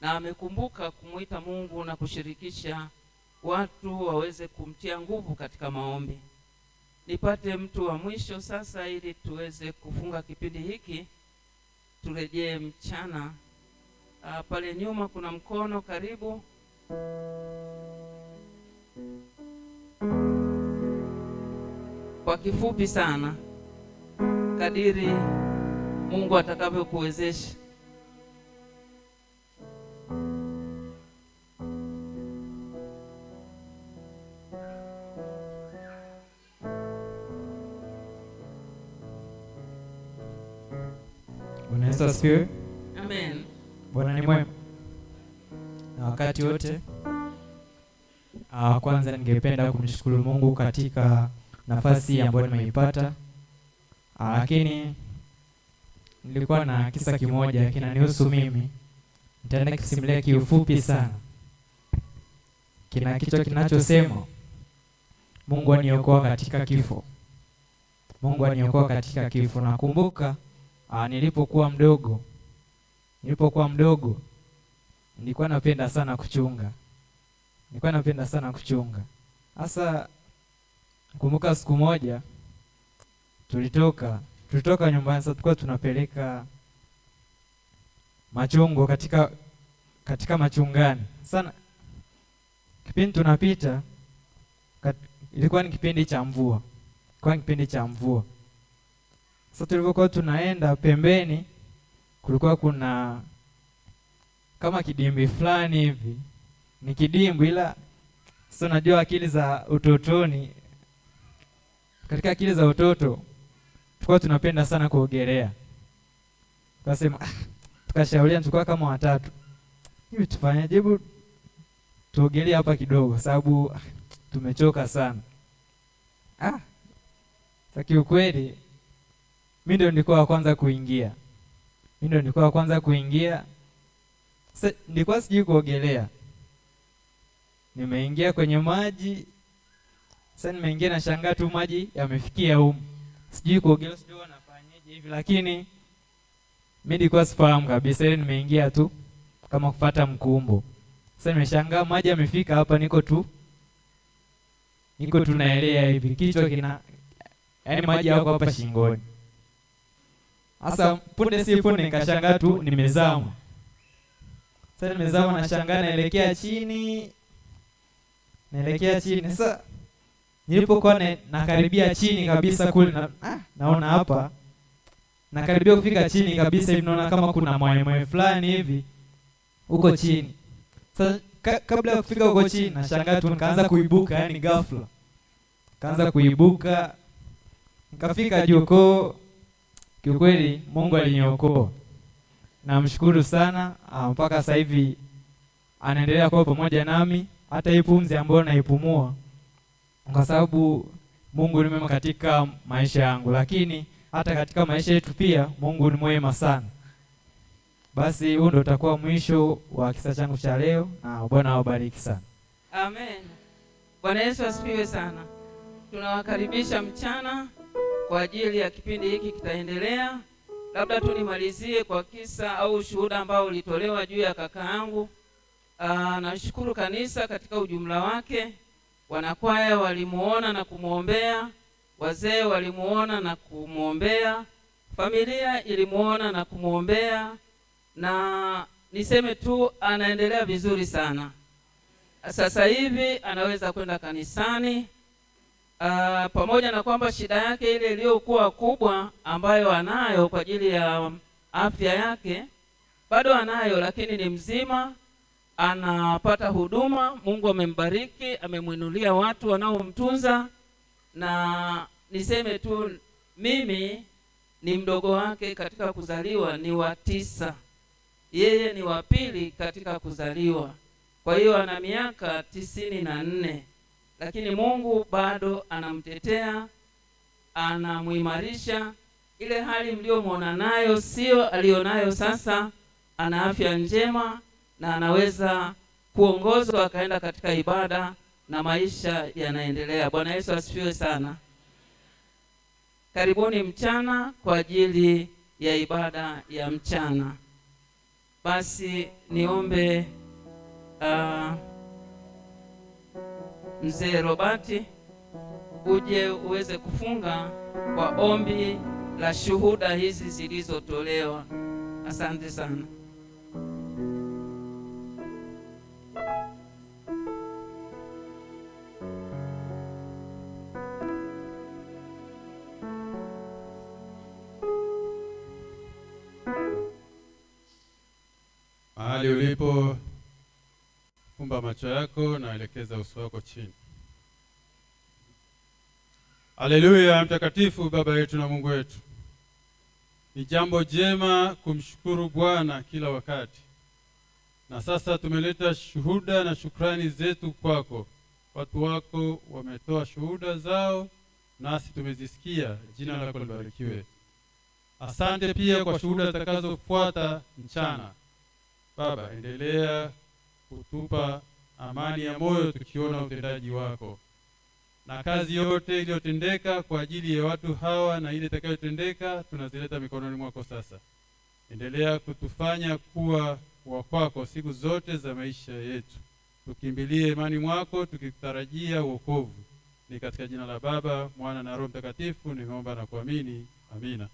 na amekumbuka kumwita Mungu na kushirikisha watu waweze kumtia nguvu katika maombi. Nipate mtu wa mwisho sasa, ili tuweze kufunga kipindi hiki, turejee mchana. A, ah, pale nyuma kuna mkono karibu. Kwa kifupi sana, kadiri Mungu atakavyokuwezesha. Yesu asifiwe. Amen. Bwana ni mwema na wakati wote. Ah, kwanza ningependa kumshukuru Mungu katika nafasi ambayo nimeipata, ah, lakini nilikuwa na kisa kimoja kinanihusu mimi. Nitaenda kisimulia kiufupi sana, kina kichwa kinachosema Mungu aniokoa katika kifo. Mungu aniokoa katika kifo. Nakumbuka Ah, nilipokuwa mdogo nilipokuwa mdogo nilikuwa napenda sana kuchunga, nilikuwa napenda sana kuchunga. hasa kumbuka, siku moja tulitoka tulitoka nyumbani, sasa tulikuwa tunapeleka machungo katika katika machungani sana. Kipindi tunapita kat, ilikuwa ni kipindi cha mvua, ilikuwa ni kipindi cha mvua sasa tulivyokuwa tunaenda pembeni, kulikuwa kuna kama kidimbwi fulani hivi, ni kidimbwi ila sasa, unajua akili za utotoni, katika akili za utoto tulikuwa tunapenda sana kuogelea, tukasema ah, tukashauriana, tulikuwa kama watatu hivi, tufanyaje? Hebu tuogelee hapa kidogo, sababu ah, tumechoka sana. Ah, kiukweli mi ndio nilikuwa wa kwanza kuingia, mi ndio nilikuwa wa kwanza kuingia. Sasa nilikuwa sijui kuogelea, nimeingia kwenye maji. Sasa nimeingia na shangaa tu maji yamefikia huko, sijui kuogelea, sijui wanafanyaje hivi, lakini mi nilikuwa sifahamu kabisa, ile yaani nimeingia tu kama kufata mkumbo. Sasa nimeshangaa maji yamefika hapa, niko tu niko tunaelea hivi, kichwa kina, yaani maji yako hapa shingoni. Sasa punde si punde nikashanga tu nimezama. Sasa nimezama na shangaa naelekea chini. Naelekea chini. Sasa nilipokuwa na, nakaribia chini kabisa kule na, ah, naona hapa. Nakaribia kufika chini kabisa hivi naona kama kuna mwaemwe fulani hivi huko chini. Sasa ka, kabla ya kufika huko chini nashangaa tu nikaanza kuibuka yani ghafla. Kaanza kuibuka. Nikafika juu Kiukweli Mungu aliniokoa, namshukuru sana ah, mpaka sasa hivi anaendelea kuwa pamoja nami, hata hii pumzi ambayo naipumua kwa sababu Mungu ni mwema katika maisha yangu, lakini hata katika maisha yetu pia Mungu ni mwema sana. Basi huu ndio utakuwa mwisho wa kisa changu cha leo, na Bwana awabariki sana. Amen. Bwana Yesu asifiwe sana. Tunawakaribisha mchana kwa ajili ya kipindi hiki kitaendelea. Labda tu nimalizie kwa kisa au shuhuda ambao ulitolewa juu ya kaka yangu. Ah, nashukuru kanisa katika ujumla wake, wanakwaya walimuona na kumwombea, wazee walimuona na kumwombea, familia ilimuona na kumwombea, na niseme tu anaendelea vizuri sana. Sasa hivi anaweza kwenda kanisani Uh, pamoja na kwamba shida yake ile iliyokuwa kubwa ambayo anayo kwa ajili ya um, afya yake bado anayo, lakini ni mzima, anapata huduma. Mungu amembariki, amemwinulia watu wanaomtunza, na niseme tu mimi ni mdogo wake katika kuzaliwa, ni wa tisa, yeye ni wa pili katika kuzaliwa, kwa hiyo ana miaka tisini na nne lakini Mungu bado anamtetea, anamuimarisha. Ile hali mliyomwona nayo sio aliyonayo sasa, ana afya njema na anaweza kuongozwa akaenda katika ibada na maisha yanaendelea. Bwana Yesu asifiwe sana. Karibuni mchana kwa ajili ya ibada ya mchana. Basi niombe uh, mzee Robati uje uweze kufunga kwa ombi la shuhuda hizi zilizotolewa. Asante sana. Fumba macho yako na elekeza uso wako chini. Haleluya! Mtakatifu Baba yetu na Mungu wetu, ni jambo jema kumshukuru Bwana kila wakati, na sasa tumeleta shuhuda na shukrani zetu kwako. Watu wako wametoa shuhuda zao, nasi tumezisikia. Jina lako libarikiwe. Asante pia kwa shuhuda zitakazofuata mchana. Baba, endelea hutupa amani ya moyo tukiona utendaji wako na kazi yote iliyotendeka kwa ajili ya watu hawa na ile itakayotendeka tunazileta mikononi mwako. Sasa endelea kutufanya kuwa wa kwako siku zote za maisha yetu, tukimbilie imani mwako, tukitarajia wokovu. Ni katika jina la Baba, Mwana na Roho Mtakatifu nimeomba na kuamini, amina.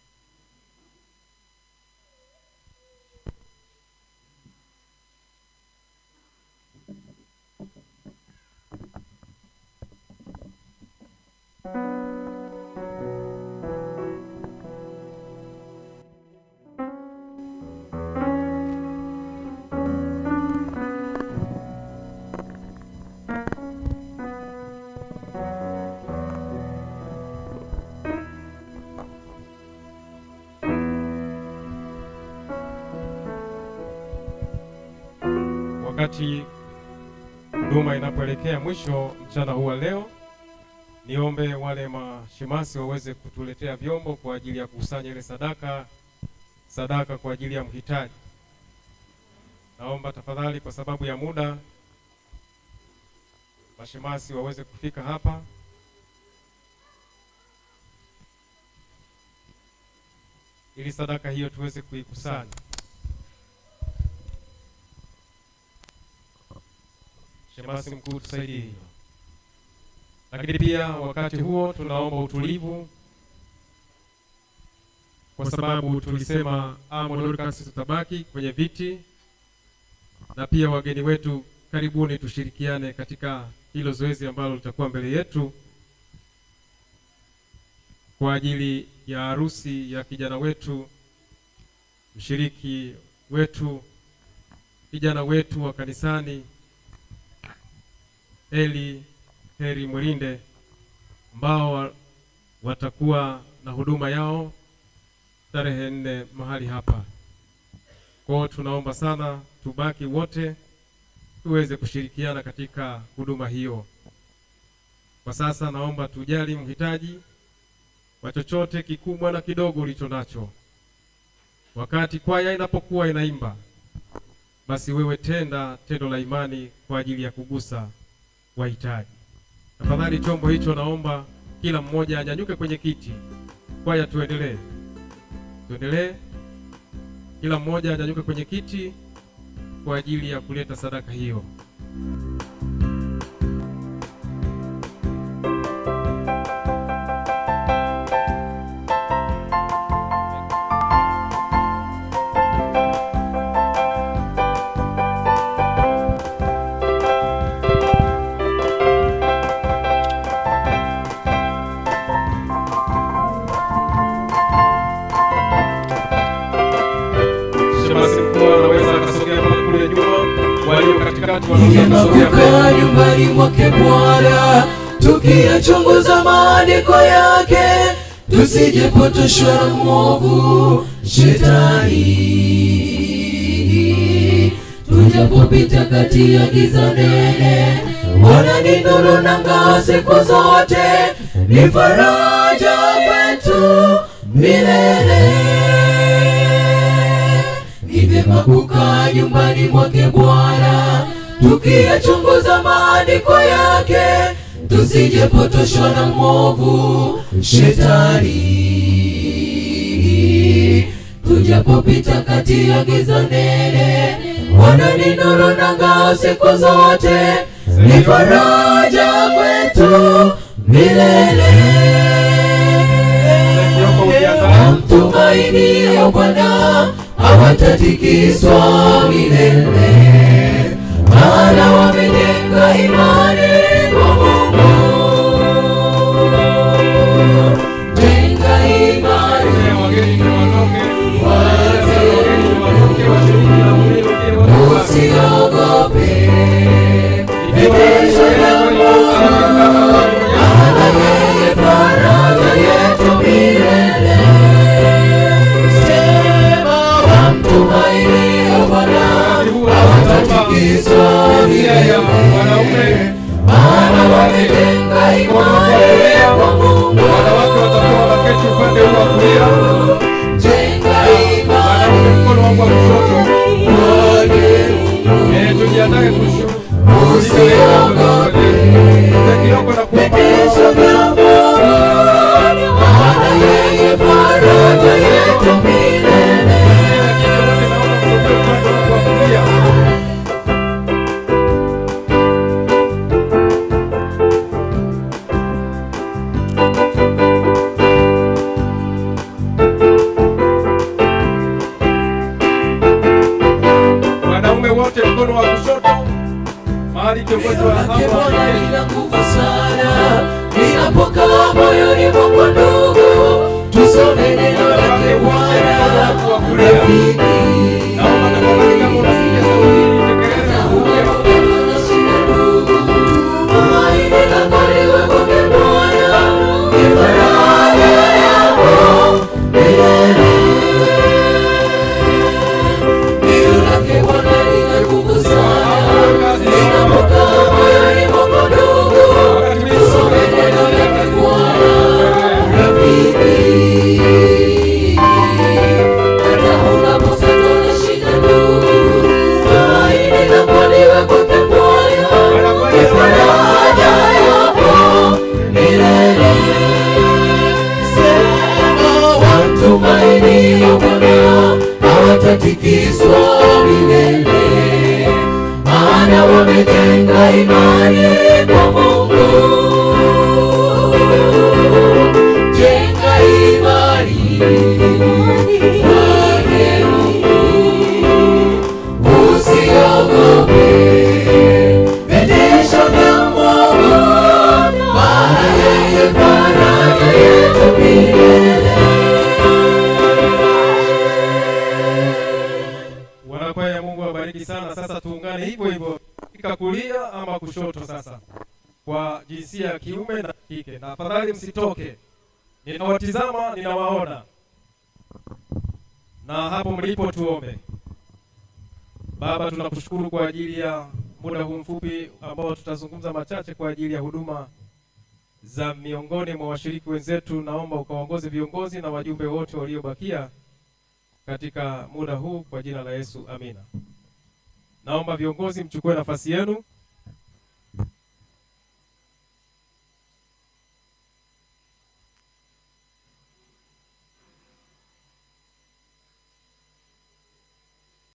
Wakati huduma inapoelekea mwisho mchana huu wa leo, niombe wale mashemasi waweze kutuletea vyombo kwa ajili ya kukusanya ile sadaka, sadaka kwa ajili ya mhitaji. Naomba tafadhali, kwa sababu ya muda, mashemasi waweze kufika hapa. ili sadaka hiyo tuweze kuikusanya. shemasi mkuu, tusaidie hilo. Lakini pia wakati huo tunaomba utulivu, kwa sababu tulisema amodorkas tutabaki kwenye viti, na pia wageni wetu, karibuni tushirikiane katika hilo zoezi ambalo litakuwa mbele yetu kwa ajili ya harusi ya kijana wetu, mshiriki wetu, kijana wetu wa kanisani Eli Heri Mulinde ambao watakuwa na huduma yao tarehe nne mahali hapa. Kwao tunaomba sana tubaki wote tuweze kushirikiana katika huduma hiyo. Kwa sasa naomba tujali mhitaji kwa chochote kikubwa na kidogo ulicho nacho. Wakati kwaya inapokuwa inaimba, basi wewe tenda tendo la imani kwa ajili ya kugusa wahitaji. Tafadhali chombo hicho, naomba kila mmoja anyanyuke kwenye kiti. Kwaya, tuendelee, tuendelee, kila mmoja anyanyuke kwenye kiti kwa ajili ya kuleta sadaka hiyo. vyema kukaa nyumbani mwake Bwana, tukiyachunguza maandiko yake, tusijepotoshwa na mwovu Shetani. Tujapopita kati ya giza nene, Bwana ni nuru na ngao siku zote, ni faraja kwetu milele. Ni vyema kukaa nyumbani mwake Bwana tukiyachunguza maandiko yake, tusijepotoshwa na mwovu Shetani. Tujapopita kati ya giza nene, Bwana ni nuru na ngao siku zote, ni faraja kwetu milele. Mtumaini ya Bwana hawatatikiswa milele maana wamejenga imani watatikiswa milele, maana wametenda imani kwa Mungu. kushoto sasa kwa jinsia ya kiume na kike, na afadhali msitoke, ninawatizama ninawaona, na hapo mlipo tuombe. Baba, tunakushukuru kwa ajili ya muda huu mfupi ambao tutazungumza machache kwa ajili ya huduma za miongoni mwa washiriki wenzetu. Naomba ukaongoze viongozi na wajumbe wote waliobakia katika muda huu kwa jina la Yesu, amina. Naomba viongozi mchukue nafasi yenu.